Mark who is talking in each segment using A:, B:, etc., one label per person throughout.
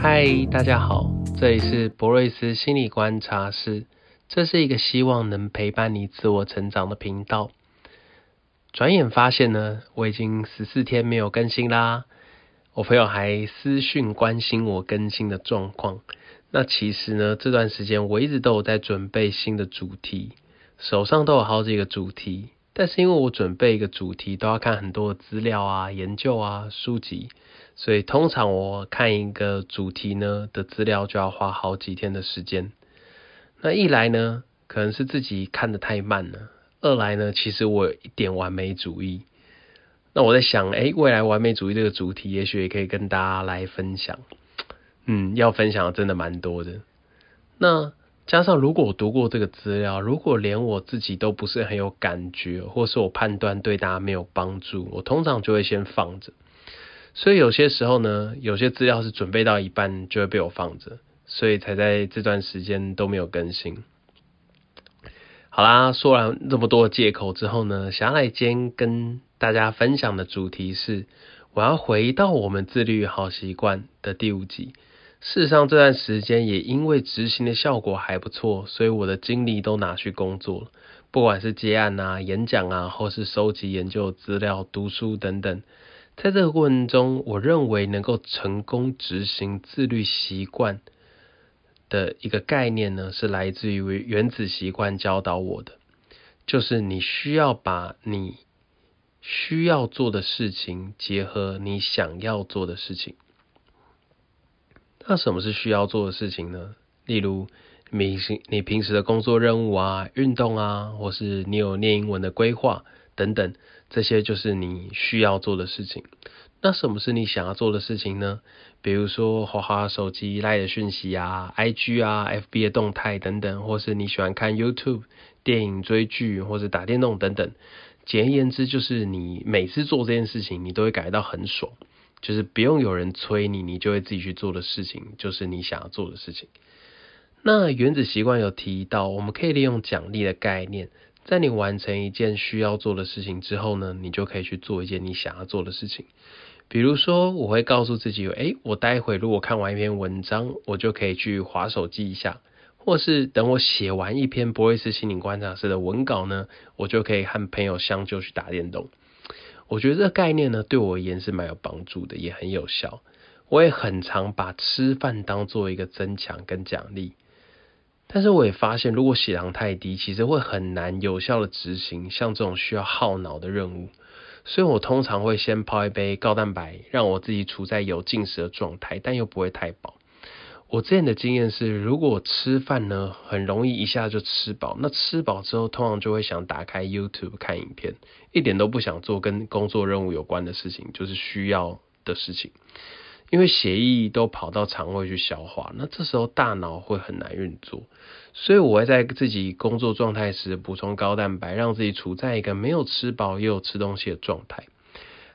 A: 嗨，大家好，這裡是博瑞斯心理觀察室，這是一個希望能陪伴你自我成長的頻道。轉眼發現呢，我已經十四天沒有更新啦，我朋友還私訊關心我更新的狀況。那其實呢，這段時間我一直都有在準備新的主題，手上都有好幾個主題。但是因為我準備一個主題都要看很多資料啊、研究啊、書籍，所以通常我看一個主題呢的資料就要花好幾天的時間。那一來呢，可能是自己看得太慢了；二來呢，其實我有一點完美主義。那我在想，誒，未來完美主義這個主題，也許也可以跟大家來分享。嗯，要分享的真的蠻多的。那加上，如果我讀過這個資料，如果連我自己都不是很有感覺，或是我判斷對大家沒有幫助，我通常就會先放着。所以有些時候呢，有些資料是準備到一半就會被我放着，所以才在這段時間都沒有更新。好啦，說完這麼多借口之後呢，想來今天跟大家分享的主題是，我要回到我們自律好習慣的第五集。事實上，這段時間也因為執行的效果還不錯，所以我的精力都拿去工作了，不管是接案啊、演講啊，或是收集研究資料、讀書等等。在這個過程中，我認為能夠成功執行自律習慣的一個概念呢，是來自於原子習慣教導我的，就是你需要把你需要做的事情結合你想要做的事情。那什麼是需要做的事情呢？例如，明星，你平時的工作任務啊、運動啊，或是你有念英文的規劃等等，這些就是你需要做的事情。那什麼是你想要做的事情呢？比如說，滑滑手機賴的訊息啊、IG 啊、FB 的動態等等，或是你喜歡看 YouTube 電影、追劇或者打電動等等。簡而言之，就是你每次做這件事情，你都會感覺到很爽。就是不用有人催你，你就會自己去做的事情，就是你想要做的事情。那原子習慣有提到，我們可以利用獎勵的概念，在你完成一件需要做的事情之後呢，你就可以去做一件你想要做的事情。比如說，我會告訴自己，誒、欸，我待會如果看完一篇文章，我就可以去滑手機一下；或是等我寫完一篇不會是心靈觀察室的文稿呢，我就可以和朋友相揪去打電動。我覺得這個概念呢，對我而言是蠻有幫助的，也很有效。我也很常把吃飯當做一個增強跟獎勵，但是我也發現，如果血糖太低，其實會很難有效的執行像這種需要耗腦的任務。所以我通常會先泡一杯高蛋白，讓我自己處在有進食的狀態，但又不會太飽。我之前的經驗是，如果吃飯呢，很容易一下就吃飽，那吃飽之後通常就會想打開 YouTube 看影片，一點都不想做跟工作任務有關的事情，就是需要的事情。因為血液都跑到腸胃去消化，那這時候大腦會很難運作，所以我會在自己工作狀態時補充高蛋白，讓自己處在一個沒有吃飽也有吃東西的狀態。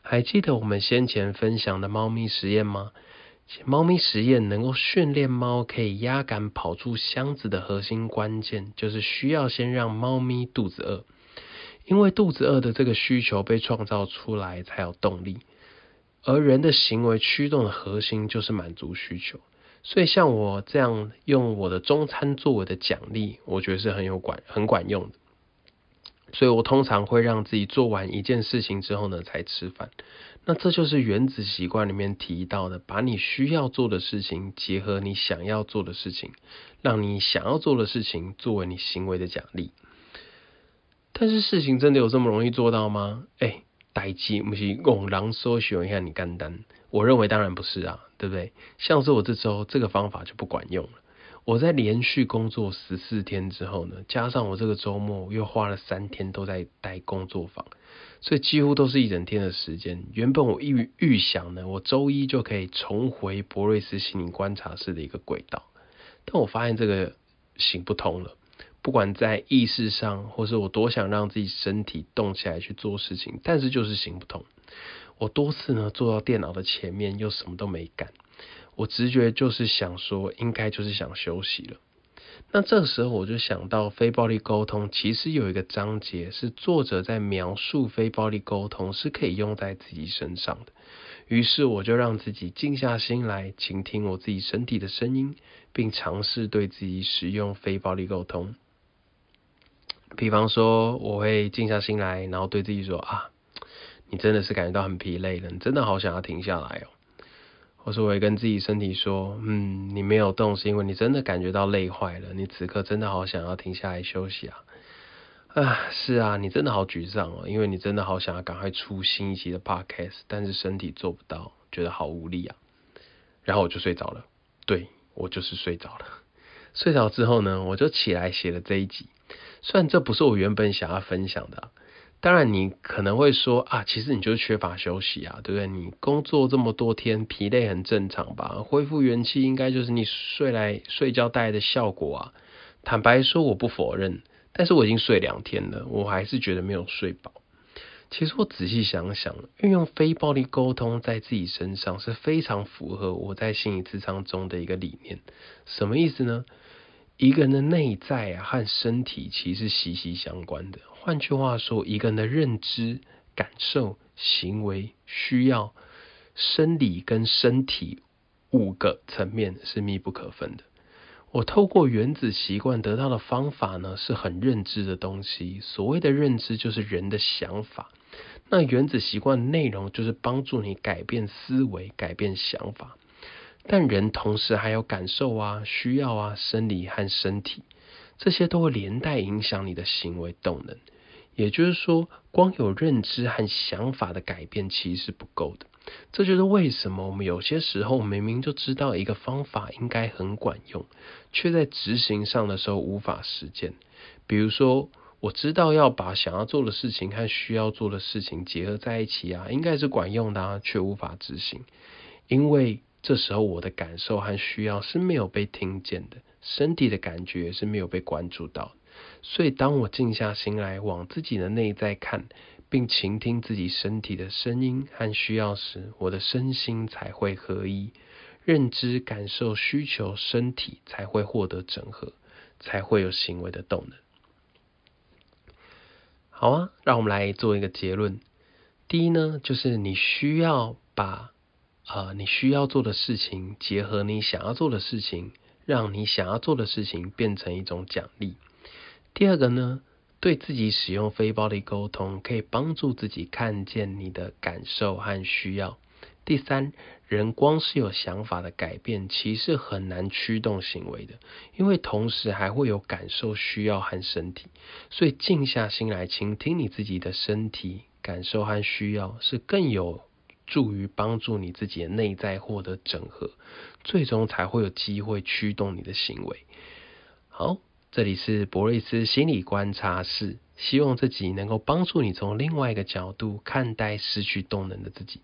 A: 還記得我們先前分享的貓咪實驗嗎？且貓咪實驗能夠訓練貓可以壓桿跑出箱子的核心關鍵，就是需要先讓貓咪肚子餓，因為肚子餓的這個需求被創造出來才有動力。而人的行為驅動的核心就是滿足需求，所以像我這樣用我的中餐作為的獎勵，我覺得是很有管很管用的。所以我通常會讓自己做完一件事情之後呢，才吃飯。那這就是原子習慣裡面提到的，把你需要做的事情結合你想要做的事情，讓你想要做的事情作為你行為的獎勵。但是事情真的有這麼容易做到嗎？哎、欸，代金木喜拱狼搜尋一下你干丹。我認為當然不是啊，對不對？像是我這時候，這個方法就不管用了。我在連續工作十四天之後呢，加上我這個周末又花了三天都在待工作坊，所以幾乎都是一整天的時間。原本我預預想呢，我周一就可以重回博瑞斯心靈觀察室的一個軌道，但我發現這個行不通了。不管在意識上，或是我多想讓自己身體動起來去做事情，但是就是行不通。我多次呢，坐到電腦的前面，又什麼都沒幹。我直覺就是想說，應該就是想休息了。那這時候，我就想到非暴力溝通，其實有一個章節是作者在描述非暴力溝通是可以用在自己身上的。於是，我就讓自己靜下心來，傾聽我自己身體的聲音，並嘗試對自己使用非暴力溝通。比方說，我會靜下心來，然後對自己說：“啊，你真的是感覺到很疲累了，你真的好想要停下來哦。”我說我會跟自己身體說：“嗯，你沒有動，是因為你真的感覺到累壞了。你此刻真的好想要停下來休息啊！啊，是啊，你真的好沮喪哦，因為你真的好想要趕快出新一期的 Podcast，但是身體做不到，覺得好無力啊。然後我就睡着了，對我就是睡着了。睡着之後呢，我就起來寫了這一集。雖然這不是我原本想要分享的啊。”當然，你可能會說啊，其實你就是缺乏休息啊，對不對？你工作這麼多天，疲累很正常吧？恢復元氣應該就是你睡來睡覺帶來的效果啊。坦白說，我不否認，但是我已經睡兩天了，我還是覺得沒有睡飽。其實我仔細想想，運用非暴力溝通在自己身上是非常符合我在心理諮商中的一個理念。什麼意思呢？一個人的內在啊和身體其實息息相關的。換句話說，一個人的認知、感受、行為、需要、生理跟身體五個層面是密不可分的。我透過原子習慣得到的方法呢，是很認知的東西。所謂的認知，就是人的想法。那原子習慣的內容就是幫助你改變思維、改變想法。但人同時還有感受啊、需要啊、生理和身體，這些都會連帶影響你的行為動能。也就是說，光有認知和想法的改變其實是不夠的。這就是為什麼我們有些時候明明就知道一個方法應該很管用，卻在執行上的時候無法實踐。比如說，我知道要把想要做的事情和需要做的事情結合在一起啊，應該是管用的啊，卻無法執行，因為這時候我的感受和需要是沒有被聽見的，身體的感覺也是沒有被關注到的。所以，當我靜下心來往自己的內在看，並傾聽自己身體的聲音和需要時，我的身心才會合一。認知、感受、需求，身體才會獲得整合，才會有行為的動能。好啊，讓我們來做一個結論。第一呢，就是你需要把啊，呃，你需要做的事情結合你想要做的事情，讓你想要做的事情變成一種獎勵。第二個呢，對自己使用非暴力溝通，可以幫助自己看見你的感受和需要。第三，人光是有想法的改變，其實很難驅動行為的，因為同時還會有感受、需要和身體。所以，靜下心來傾聽你自己的身體感受和需要，是更有助於幫助你自己的內在獲得整合，最終才會有機會驅動你的行為。好。這裡是博瑞斯心理觀察室，希望自己能夠幫助你從另外一個角度看待失去動能的自己。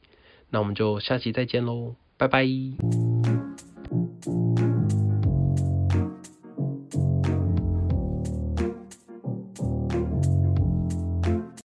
A: 那我們就下期再見嘍，拜拜。